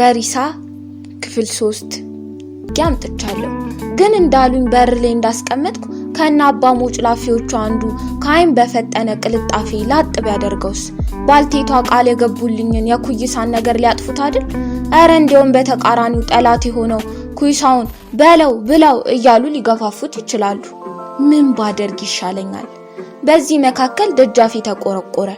ወሪሳ ክፍል ሶስት ያምጥቻለሁ ግን እንዳሉኝ በር ላይ እንዳስቀመጥኩ ከና አባ ሞጭ አንዱ ከአይን በፈጠነ ቅልጣፌ ላጥብ ያደርገውስ ባልቴቷ ቃል የገቡልኝን የኩይሳን ነገር ሊያጥፉት አይደል? እረ እንዲያውም በተቃራኒው ጠላት የሆነው ኩይሳውን በለው ብለው እያሉ ሊገፋፉት ይችላሉ። ምን ባደርግ ይሻለኛል? በዚህ መካከል ደጃፊ ተቆረቆረ።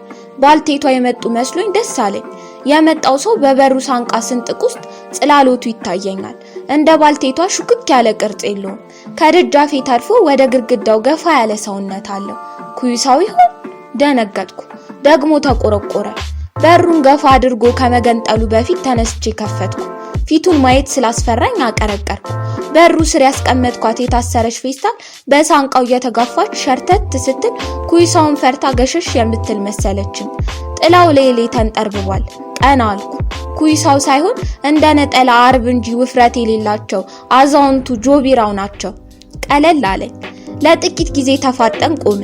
ባልቴቷ የመጡ መስሎኝ ደስ አለኝ። የመጣው ሰው በበሩ ሳንቃ ስንጥቅ ውስጥ ጽላሎቱ ይታየኛል። እንደ ባልቴቷ ሹክክ ያለ ቅርጽ የለውም። ከደጃፌ ታርፎ ወደ ግድግዳው ገፋ ያለ ሰውነት አለው። ኩይሳው ይሆን? ደነገጥኩ። ደግሞ ተቆረቆረ። በሩን ገፋ አድርጎ ከመገንጠሉ በፊት ተነስቼ ከፈትኩ። ፊቱን ማየት ስላስፈራኝ አቀረቀርኩ። በሩ ስር ያስቀመጥኳት የታሰረች ፌስታል በሳንቃው እየተጋፋች ሸርተት ስትል ኩይሳውን ፈርታ ገሸሽ የምትል መሰለችም። ጥላው ሌሌ ተንጠርብቧል። ቀና አልኩ። ኩይሳው ሳይሆን እንደ ነጠላ አርብ እንጂ ውፍረት የሌላቸው አዛውንቱ ጆቢራው ናቸው። ቀለል አለኝ። ለጥቂት ጊዜ ተፋጠን ቆመ።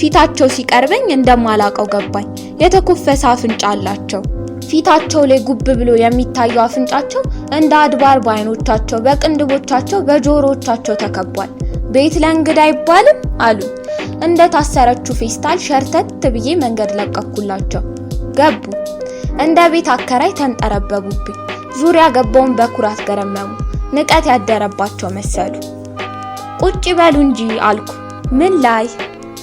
ፊታቸው ሲቀርበኝ እንደማላቀው ገባኝ። የተኮፈሰ አፍንጫ አላቸው። ፊታቸው ላይ ጉብ ብሎ የሚታየው አፍንጫቸው እንደ አድባር በአይኖቻቸው፣ በቅንድቦቻቸው፣ በጆሮዎቻቸው ተከቧል። ቤት ለእንግዳ አይባልም አሉ። እንደ ታሰረችው ፌስታል ሸርተት ብዬ መንገድ ለቀኩላቸው። ገቡ። እንደ ቤት አከራይ ተንጠረበቡብኝ። ዙሪያ ገባውን በኩራት ገረመሙ። ንቀት ያደረባቸው መሰሉ። ቁጭ በሉ እንጂ አልኩ። ምን ላይ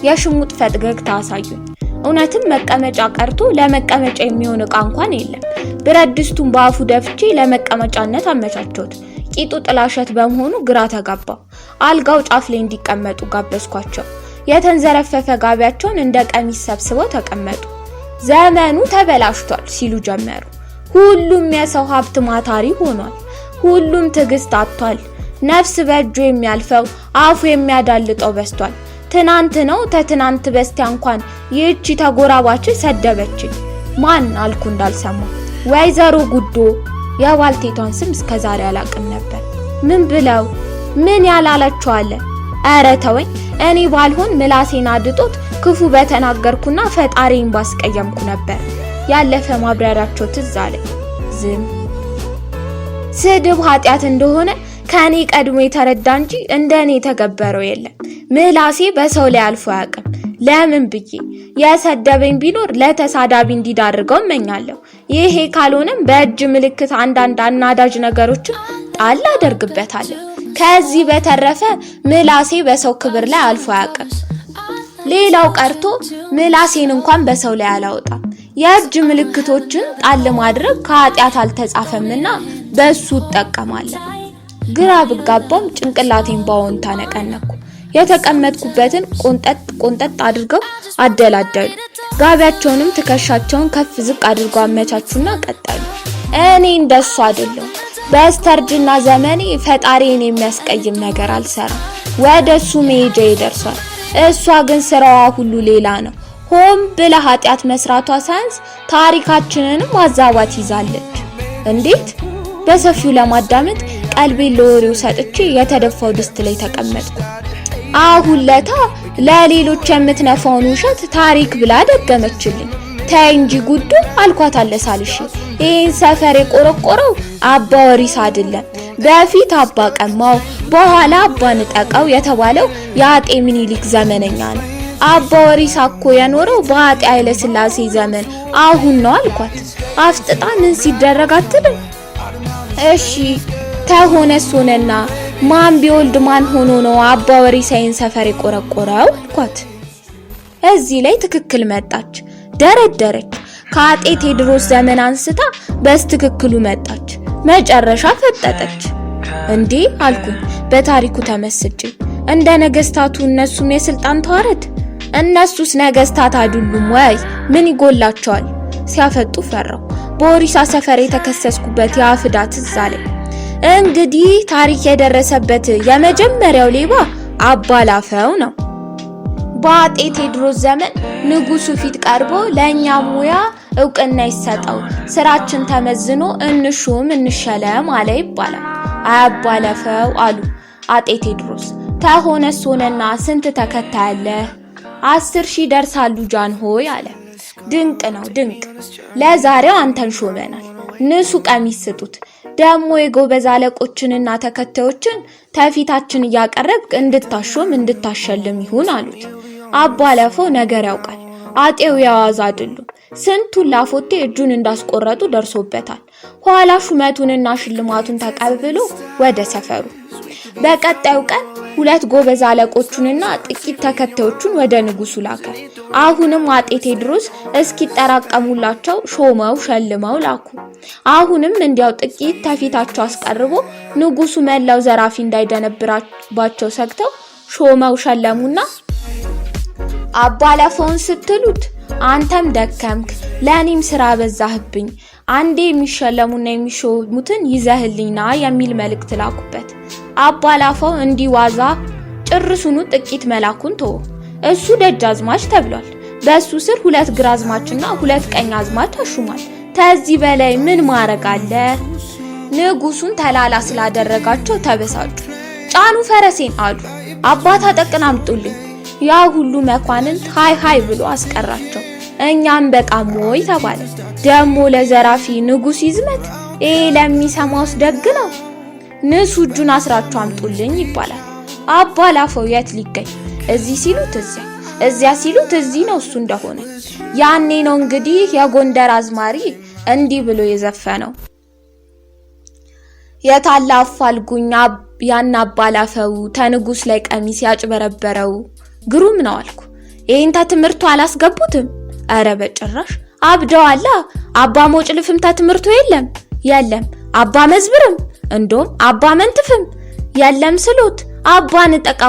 የሽሙጥ ፈገግታ አሳዩኝ። እውነትም መቀመጫ ቀርቶ ለመቀመጫ የሚሆን እቃ እንኳን የለም። ብረት ድስቱን በአፉ ደፍቼ ለመቀመጫነት አመቻቸውት ቂጡ ጥላሸት በመሆኑ ግራ ተጋባ። አልጋው ጫፍ ላይ እንዲቀመጡ ጋበዝኳቸው። የተንዘረፈፈ ጋቢያቸውን እንደ ቀሚስ ሰብስበው ተቀመጡ። ዘመኑ ተበላሽቷል ሲሉ ጀመሩ። ሁሉም የሰው ሀብት ማታሪ ሆኗል። ሁሉም ትዕግስት አጥቷል። ነፍስ በእጁ የሚያልፈው አፉ የሚያዳልጠው በስቷል። ትናንት ነው ተትናንት በስቲያ እንኳን ይህቺ ተጎራባች ሰደበችኝ። ማን አልኩ እንዳልሰማ። ወይዘሮ ጉዶ የባልቴቷን ስም እስከዛሬ አላቅም ነበር። ምን ብለው ምን ያላለችው አለ ኧረ ተወኝ። እኔ ባልሆን ምላሴን አድጦት ክፉ በተናገርኩና ፈጣሪን ባስቀየምኩ ነበር። ያለፈ ማብራሪያቸው ትዝ አለኝ። ዝም ስድብ ኃጢአት እንደሆነ ከኔ ቀድሞ የተረዳ እንጂ እንደኔ የተገበረው የለም። ምላሴ በሰው ላይ አልፎ አያውቅም። ለምን ብዬ የሰደበኝ ቢኖር ለተሳዳቢ እንዲዳርገው እመኛለሁ። ይሄ ካልሆነም በእጅ ምልክት አንዳንድ አናዳጅ ነገሮችን ጣል አደርግበታለሁ። ከዚህ በተረፈ ምላሴ በሰው ክብር ላይ አልፎ አያውቅም። ሌላው ቀርቶ ምላሴን እንኳን በሰው ላይ አላወጣም። የእጅ ምልክቶችን ጣል ማድረግ ከኃጢአት አልተጻፈምና በእሱ እጠቀማለሁ። ግራ ብጋባም ጭንቅላቴን በአዎንታ ነቀነኩ። የተቀመጥኩበትን ቆንጠጥ ቆንጠጥ አድርገው አደላደሉ። ጋቢያቸውንም ትከሻቸውን ከፍ ዝቅ አድርገው አመቻቹና ቀጠሉ። እኔ እንደሱ አይደለም። በስተርጅና ዘመኔ ፈጣሪን የሚያስቀይም ነገር አልሰራም። ወደ እሱ መሄጃ ይደርሷል። እሷ ግን ስራዋ ሁሉ ሌላ ነው። ሆም ብለ ኃጢአት መስራቷ ሳያንስ ታሪካችንንም ማዛባት ይዛለች። እንዴት? በሰፊው ለማዳመጥ ቀልቤን ለወሬው ሰጥቼ የተደፋው ድስት ላይ ተቀመጥኩ። አሁን ለታ ለሌሎች የምትነፋውን ውሸት ታሪክ ብላ ደገመችልኝ። ተይ እንጂ ጉዱ አልኳት አለሳልሽ። ይህን ሰፈር የቆረቆረው አባ ወሪስ አይደለም። በፊት አባ ቀማው በኋላ አባ ንጠቀው የተባለው የአጤ ምኒልክ ዘመነኛ ነው። አባ ወሪስ አኮ የኖረው በአጤ ኃይለ ሥላሴ ዘመን አሁን ነው አልኳት። አፍጥጣ ምን ሲደረግ አትልም። እሺ ተሆነስ ሆነና ማን ቢወልድ ማን ሆኖ ነው አባ ወሪስ ይህን ሰፈር የቆረቆረው አልኳት። እዚህ ላይ ትክክል መጣች። ደረደረች። ከአጤ ቴዎድሮስ ዘመን አንስታ በስትክክሉ መጣች፣ መጨረሻ ፈጠጠች። እንዴ አልኩኝ በታሪኩ ተመስጬ። እንደ ነገስታቱ እነሱም የስልጣን ተዋረድ? እነሱስ ነገስታት አይደሉም ወይ? ምን ይጎላቸዋል? ሲያፈጡ ፈራው። በኦሪሳ ሰፈር የተከሰስኩበት የአፍዳ ትዝ አለኝ። እንግዲህ ታሪክ የደረሰበት የመጀመሪያው ሌባ አባላፈው ነው። በአጤ ቴዎድሮስ ዘመን ንጉሱ ፊት ቀርቦ ለእኛ ሙያ እውቅና ይሰጠው፣ ስራችን ተመዝኖ እንሹም እንሸለም አለ ይባላል። አያባለፈው አሉ አጤ ቴዎድሮስ። ተሆነ ሆነና ስንት ተከታይ አለ አስር ሺህ ደርሳሉ ጃንሆይ አለ። ድንቅ ነው ድንቅ። ለዛሬው አንተን ሾመናል። ንሱ ቀሚስ ስጡት ደግሞ የጎበዝ አለቆችንና ተከታዮችን ተፊታችን እያቀረብ እንድታሾም እንድታሸልም ይሁን አሉት። አባ ለፎ ነገር ያውቃል። አጤው የዋዛ አይደሉም። ስንቱን ላፎቴ እጁን እንዳስቆረጡ ደርሶበታል። ኋላ ሹመቱንና ሽልማቱን ተቀብሎ ወደ ሰፈሩ። በቀጣዩ ቀን ሁለት ጎበዝ አለቆቹንና ጥቂት ተከታዮቹን ወደ ንጉሱ ላከ። አሁንም አጤ ቴዎድሮስ እስኪጠራቀሙላቸው ሾመው ሸልመው ላኩ። አሁንም እንዲያው ጥቂት ተፊታቸው አስቀርቦ ንጉሱ መላው ዘራፊ እንዳይደነብራባቸው ሰግተው ሾመው ሸለሙና አባላፈውን ስትሉት አንተም ደከምክ፣ ለእኔም ስራ በዛህብኝ፣ አንዴ የሚሸለሙና የሚሾሙትን ይዘህልኝና የሚል መልእክት ላኩበት። አባላፈው እንዲዋዛ ጭርሱኑ ጥቂት መላኩን ተወ። እሱ ደጅ አዝማች ተብሏል። በእሱ ስር ሁለት ግራዝማችና ሁለት ቀኝ አዝማች አሹሟል። ከዚህ በላይ ምን ማረግ አለ? ንጉሱን ተላላ ስላደረጋቸው ተበሳጩ። ጫኑ ፈረሴን አሉ። አባታ አጠቅን አምጡልኝ ያ ሁሉ መኳንንት ሃይ ሃይ ብሎ አስቀራቸው። እኛም በቃም ወይ ተባለ። ደሞ ለዘራፊ ንጉስ ይዝመት ይሄ ለሚሰማውስ ደግ ነው። ንሱ እጁን አስራችሁ አምጡልኝ ይባላል። አባ ላፈው የት ሊገኝ? እዚህ ሲሉት እዚያ፣ እዚያ ሲሉት እዚህ ነው እሱ እንደሆነ። ያኔ ነው እንግዲህ የጎንደር አዝማሪ እንዲህ ብሎ የዘፈነው የታላ አፋልጉኝ ያን አባላፈው ተንጉስ ላይ ቀሚስ ያጭበረበረው ግሩም ነው አልኩ። ይህንታ ትምህርቱ አላስገቡትም? እረ በጭራሽ አብደዋላ። አባ ሞጭ ልፍምታ ትምህርቱ የለም የለም። አባ መዝብርም እንዶም አባ መንትፍም የለም ስሎት አባ ንጠቃ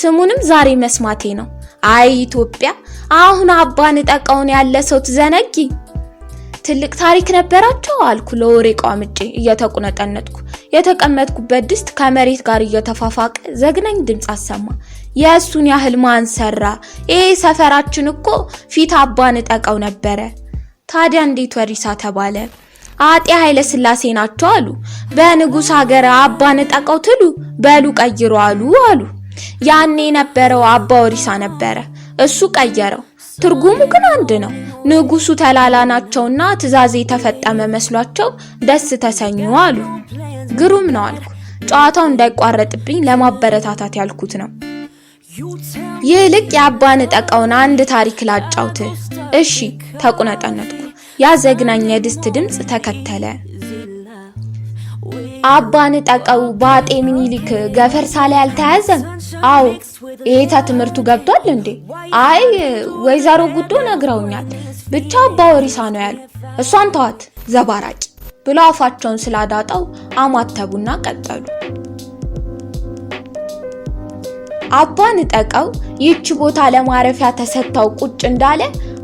ስሙንም ዛሬ መስማቴ ነው። አይ ኢትዮጵያ፣ አሁን አባ ንጠቃውን ያለ ሰው ትዘነጊ። ትልቅ ታሪክ ነበራቸው አልኩ ለወሬ ቋምጬ እየተቁነጠነጥኩ። የተቀመጥኩበት ድስት ከመሬት ጋር እየተፋፋቀ ዘግናኝ ድምፅ አሰማ። የእሱን ያህል ማን ሰራ? ይሄ ሰፈራችን እኮ ፊት አባን ንጠቀው ነበረ። ታዲያ እንዴት ወሪሳ ተባለ? አጤ ኃይለ ስላሴ ናቸው አሉ። በንጉስ ሀገር አባን ንጠቀው ትሉ በሉ ቀይሮ አሉ አሉ። ያኔ የነበረው አባ ወሪሳ ነበረ፣ እሱ ቀየረው። ትርጉሙ ግን አንድ ነው። ንጉሱ ተላላ ናቸውና ትእዛዝ የተፈጠመ መስሏቸው ደስ ተሰኙ አሉ። ግሩም ነው አልኩ። ጨዋታው እንዳይቋረጥብኝ ለማበረታታት ያልኩት ነው። ይልቅ የአባን ጠቃውን አንድ ታሪክ ላጫውት። እሺ ተቁነጠነጥኩ። ያ ዘግናኝ የድስት ድምፅ ተከተለ። አባን ጠቃው በአጤ ምኒልክ ገፈር ላይ አልተያዘም? አዎ። ይሄታ ትምህርቱ ገብቷል እንዴ? አይ ወይዘሮ ጉዶ ነግረውኛል። ብቻ አባ ወሪሳ ነው ያሉ። እሷን ተዋት ዘባራቂ ብሎ አፋቸውን ስላዳጣው አማተቡና ቀጠሉ። አባ ንጠቀው ይች ቦታ ለማረፊያ ተሰጥታው ቁጭ እንዳለ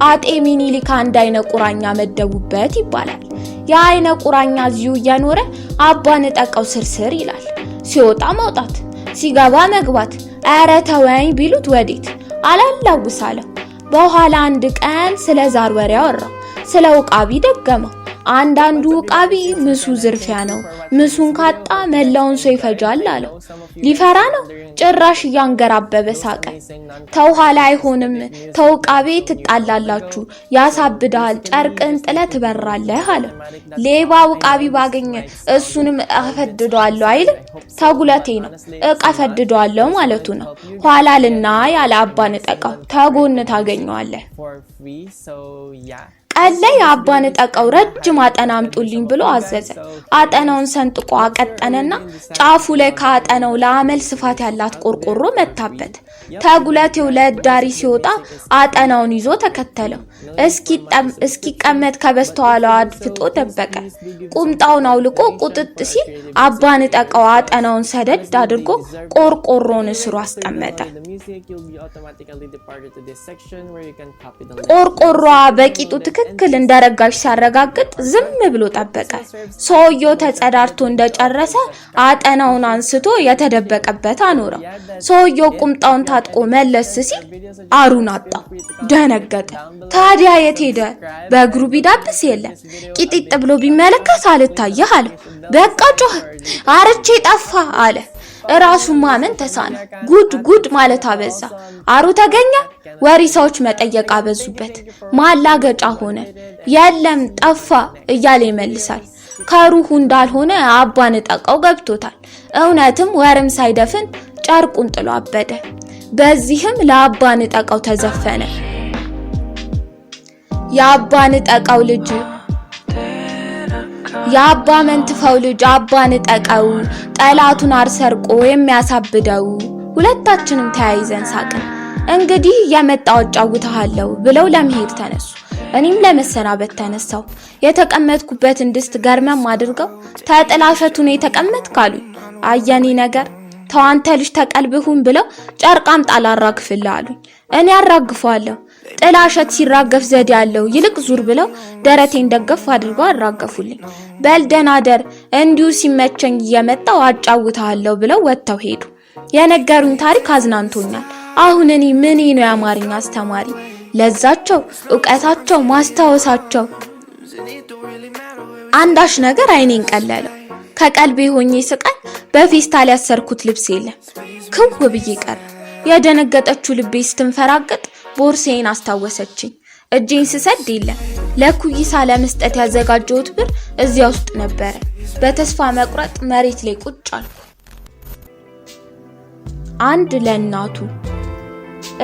አጤ ሚኒሊክ አንድ አይነ ቁራኛ መደቡበት ይባላል። ያ አይነ ቁራኛ እዚሁ እየኖረ አባ ንጠቀው ስርስር ይላል። ሲወጣ መውጣት፣ ሲገባ መግባት፣ ኧረ ተወኝ ቢሉት ወዴት አላላውሳለሁ። በኋላ አንድ ቀን ስለ ዛር ወሬ አወራ፣ ስለ ውቃቢ ደገመው። አንዳንዱ ውቃቢ ምሱ ዝርፊያ ነው፣ ምሱን ካጣ መላውን ሰው ይፈጃል አለው። ሊፈራ ነው? ጭራሽ እያንገራበበ ሳቀ። ተው ኋላ አይሆንም፣ ተው ትጣላላችሁ፣ ያሳብድሃል፣ ጨርቅን ጥለ ትበራለህ አለ። ሌባ ውቃቢ ባገኘ እሱንም እፈድደዋለሁ አይልም። ተጉለቴ ነው እቃ ማለቱ ነው። ኋላ ልና ያለ አባ ንጠቃው ተጎን ታገኘዋለህ። ቀን ላይ የአባ ንጠቀው ረጅም አጠና አምጡልኝ ብሎ አዘዘ። አጠናውን ሰንጥቆ አቀጠነና ጫፉ ላይ ከአጠናው ለአመል ስፋት ያላት ቆርቆሮ መታበት። ተጉለቴው ለእዳሪ ሲወጣ አጠናውን ይዞ ተከተለው። እስኪቀመጥ ከበስተኋላው አድፍጦ ደበቀ። ቁምጣውን አውልቆ ቁጥጥ ሲል አባ ንጠቀው አጠናውን ሰደድ አድርጎ ቆርቆሮን እስሩ አስቀመጠ። ቆርቆሮዋ በቂጡ ትክክል ትክክል እንደረጋሽ ሲያረጋግጥ ዝም ብሎ ጠበቀ። ሰውየው ተጸዳርቶ እንደጨረሰ አጠናውን አንስቶ የተደበቀበት አኖረው። ሰውየው ቁምጣውን ታጥቆ መለስ ሲል አሩን አጣው። ደነገጠ። ታዲያ የት ሄደ? በእግሩ ቢዳብስ የለም፣ ቂጢጥ ብሎ ቢመለከት አልታየህ አለው። በቃ ጮህ፣ አርቼ ጠፋ አለ። እራሱ ማመን ተሳነ። ጉድ ጉድ ማለት አበዛ። አሩ ተገኘ ወሪሳዎች መጠየቅ አበዙበት። ማላገጫ ሆነ። የለም ጠፋ እያለ ይመልሳል። ከሩሁ እንዳልሆነ አባ ንጠቀው ገብቶታል። እውነትም ወርም ሳይደፍን ጨርቁን ጥሎ አበደ። በዚህም ለአባ ንጠቀው ተዘፈነ። የአባ ንጠቀው ልጅ የአባ መንትፈው ልጅ አባ ንጠቀው ጠላቱን አርሰርቆ የሚያሳብደው። ሁለታችንም ተያይዘን ሳቅን። እንግዲህ የመጣው አጫውትሃለሁ ብለው ለመሄድ ተነሱ። እኔም ለመሰናበት ተነሳው። የተቀመጥኩበትን ድስት ገርመም አድርገው ተጥላሸቱን የተቀመጥክ አሉኝ። አየኔ ነገር ተዋንተ ልጅ ተቀልብሁን ብለው ጨርቃም ጣል አራግፍልህ አሉኝ። እኔ አራግፈዋለሁ ጥላሸት ሲራገፍ ዘዴ ያለው ይልቅ ዙር ብለው ደረቴን ደገፍ አድርገው አራገፉልኝ። በልደናደር እንዲሁ ሲመቸኝ እየመጣው አጫውታለሁ ብለው ወጥተው ሄዱ። የነገሩኝ ታሪክ አዝናንቶኛል። አሁን እኔ ምን ነው የአማርኛ አስተማሪ ለዛቸው፣ እውቀታቸው፣ ማስታወሳቸው አንዳች ነገር አይኔን ቀለለው። ከቀልቤ ሆኜ ስቃይ በፌስታል ያሰርኩት ልብስ የለም ክው ብዬ ቀረ። የደነገጠችው ልቤ ስትንፈራገጥ ቦርሴን አስታወሰችኝ። እጄን ስሰድ የለም ለኩይሳ ለመስጠት ያዘጋጀሁት ብር እዚያ ውስጥ ነበረ። በተስፋ መቁረጥ መሬት ላይ ቁጭ አልኩ። አንድ ለእናቱ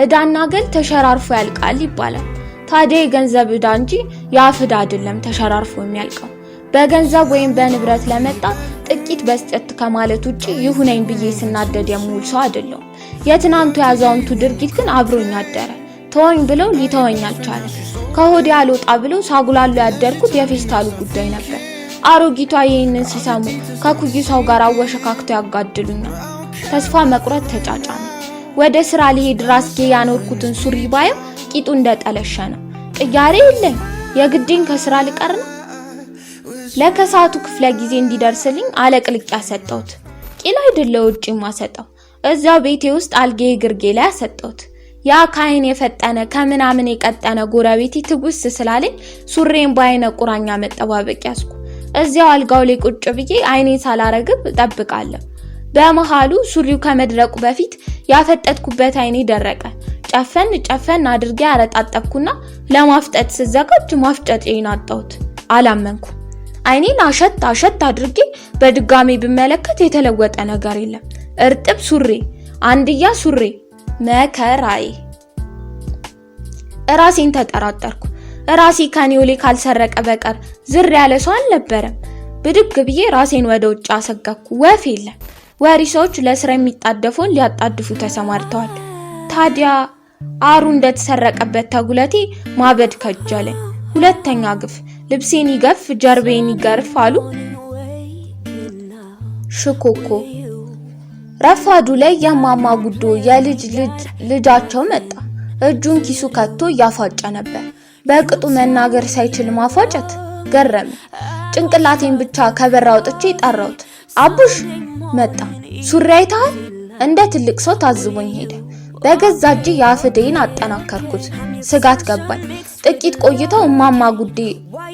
እዳና ገል ተሸራርፎ ያልቃል ይባላል። ታዲያ የገንዘብ እዳ እንጂ የአፍ አይደለም ተሸራርፎ የሚያልቀው። በገንዘብ ወይም በንብረት ለመጣ ጥቂት በስጠት ከማለት ውጪ ይሁነኝ ብዬ ስናደድ የምውል ሰው አይደለሁም። የትናንቱ የአዛውንቱ ድርጊት ግን አብሮኝ አደረ። ተወኝ ብለው ሊተወኝ አልቻለ። ከሆዴ አልወጣ ብለው ሳጉላሉ ያደርኩት የፌስታሉ ጉዳይ ነበር። አሮጊቷ ይህንን ሲሰሙ ከኩይሳው ጋር አወሸካክተው ያጋድሉኛል። ተስፋ መቁረጥ ተጫጫ ነው። ወደ ስራ ሊሄድ ራስጌ ያኖርኩትን ሱሪ ባየው ቂጡ እንደጠለሸ ነው። ቅያሬ የለኝ የግዴን ከስራ ልቀር ነው። ለከሳቱ ክፍለ ጊዜ እንዲደርስልኝ አለቅልቅ ያሰጠሁት ቂል አይደለ ውጭ ማሰጠው እዛው ቤቴ ውስጥ አልጌ ግርጌ ላይ ያሰጠሁት ያ ካህን የፈጠነ ከምናምን የቀጠነ ጎረቤቴ ትጉስ ስላለኝ ሱሬን በአይነ ቁራኛ መጠባበቅ ያስኩ እዚያው አልጋው ላይ ቁጭ ብዬ አይኔን ሳላረግብ ጠብቃለሁ። በመሃሉ ሱሪው ከመድረቁ በፊት ያፈጠጥኩበት አይኔ ደረቀ። ጨፈን ጨፈን አድርጌ ያረጣጠብኩና ለማፍጠጥ ስዘጋጅ ማፍጨጤን አጣሁት። አላመንኩ። አይኔን አሸት አሸት አድርጌ በድጋሚ ብመለከት የተለወጠ ነገር የለም። እርጥብ ሱሪ፣ አንድያ ሱሪ መከራዬ እራሴን ተጠራጠርኩ። እራሴ ከኔውሌ ካልሰረቀ በቀር ዝር ያለ ሰው አልነበረም። ብድግ ብዬ ራሴን ወደ ውጭ አሰጋኩ። ወፍ የለም። ወሪ ሰዎች ለስራ የሚጣደፉን ሊያጣድፉ ተሰማርተዋል። ታዲያ አሩ እንደተሰረቀበት ተጉለቴ ማበድ ከጀለ። ሁለተኛ ግፍ ልብሴን ይገፍ፣ ጀርቤን ይገርፍ አሉ ሽኮኮ ረፋዱ ላይ የማማ ጉዶ የልጅ ልጅ ልጃቸው መጣ። እጁን ኪሱ ከቶ እያፏጨ ነበር። በቅጡ መናገር ሳይችል ማፏጨት ገረመ። ጭንቅላቴን ብቻ ከበር አውጥቼ ጠራሁት። አቡሽ መጣ። ሱሪ አይተሃል? እንደ ትልቅ ሰው ታዝቦኝ ሄደ። በገዛ እጅ የአፍዴን አጠናከርኩት። ስጋት ገባኝ። ጥቂት ቆይተው እማማ ጉዴ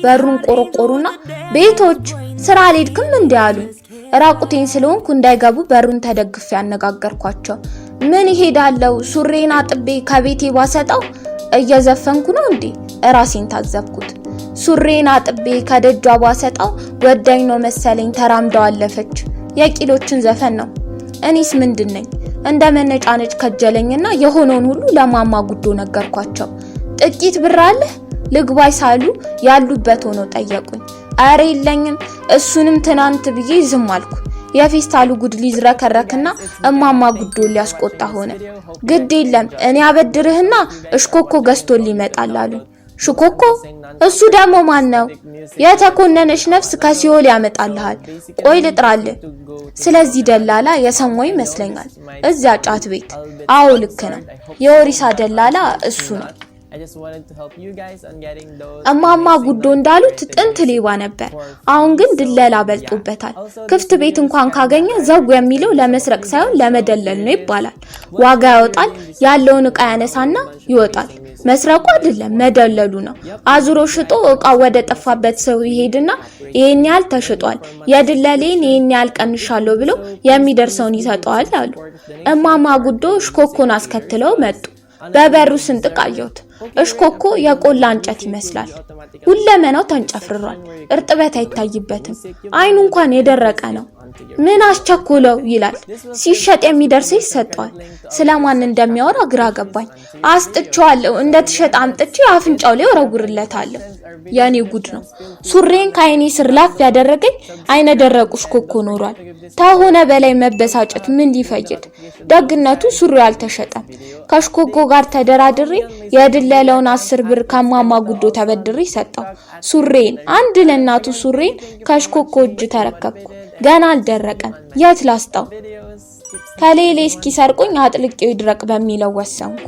በሩን ቆረቆሩና ቤቶች ስራ አልሄድክም እንዲህ አሉ። ራቁቴን ስለሆንኩ እንዳይገቡ በሩን ተደግፌ ያነጋገርኳቸው። ምን ይሄዳለው ሱሬን አጥቤ ከቤቴ ባሰጠው እየዘፈንኩ ነው እንዴ? እራሴን ታዘብኩት። ሱሬን አጥቤ ከደጇ ባሰጠው ወዳኝ ነው መሰለኝ ተራምደው አለፈች። የቂሎችን ዘፈን ነው። እኔስ ምንድን ነኝ? እንደ መነጫነጭ ከጀለኝና የሆነውን ሁሉ ለማማ ጉዶ ነገርኳቸው። ጥቂት ብር አለህ ልግባይ ሳሉ ያሉበት ሆነው ጠየቁኝ። አረ የለኝም እሱንም ትናንት ብዬ ዝም አልኩ። የፌስታሉ ጉድ ሊዝረከረክና እማማ ጉዶ ሊያስቆጣ ሆነ። ግድ የለም እኔ አበድርህና እሽኮኮ ገዝቶ ሊመጣል አሉ። ሽኮኮ እሱ ደግሞ ማን ነው? የተኮነነሽ ነፍስ ከሲኦል ያመጣልሃል። ቆይ ልጥራል። ስለዚህ ደላላ የሰማው ይመስለኛል። እዚያ ጫት ቤት። አዎ ልክ ነው። የወሪሳ ደላላ እሱ ነው። እማማ ጉዶ እንዳሉት ጥንት ሌባ ነበር። አሁን ግን ድለላ በልጦበታል። ክፍት ቤት እንኳን ካገኘ ዘው የሚለው ለመስረቅ ሳይሆን ለመደለል ነው ይባላል። ዋጋ ያወጣል፣ ያለውን እቃ ያነሳና ይወጣል። መስረቁ አይደለም መደለሉ ነው። አዙሮ ሽጦ እቃው ወደ ጠፋበት ሰው ይሄድና ይህን ያህል ተሽጧል፣ የድለሌን ይህን ያህል ቀንሻለሁ ብሎ የሚደርሰውን ይሰጠዋል አሉ። እማማ ጉዶ ሽኮኮን አስከትለው መጡ። በበሩ ስንጥቅ አየሁት። እሽኮኮ የቆላ እንጨት ይመስላል። ሁለመናው ተንጨፍርሯል። እርጥበት አይታይበትም። አይኑ እንኳን የደረቀ ነው። ምን አስቸኮለው ይላል። ሲሸጥ የሚደርሰ ይሰጠዋል። ስለማን እንደሚያወራ ግራ ገባኝ። አስጥቼዋለሁ። እንደተሸጠ አምጥቼ አፍንጫው ላይ ወረውርለታለሁ። የኔ ጉድ ነው። ሱሬን ከአይኔ ስር ላፍ ያደረገኝ አይነ ደረቁሽ ሽኮኮ ኖሯል። ከሆነ በላይ መበሳጨት ምን ሊፈይድ? ደግነቱ ሱሬው አልተሸጠም። ከሽኮኮ ጋር ተደራድሬ የድለለውን አስር ብር ከማማ ጉዶ ተበድሬ ሰጠው። ሱሬን አንድ ለእናቱ ሱሬን ከሽኮኮ እጅ ተረከብኩ። ገና አልደረቀም። የት ላስጣው? ከሌሌ እስኪሰርቁኝ አጥልቄው ይድረቅ በሚለው ወሰንኩ።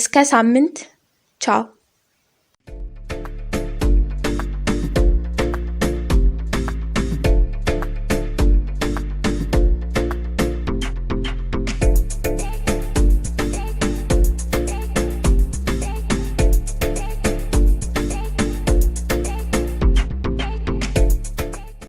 እስከ ሳምንት ቻው።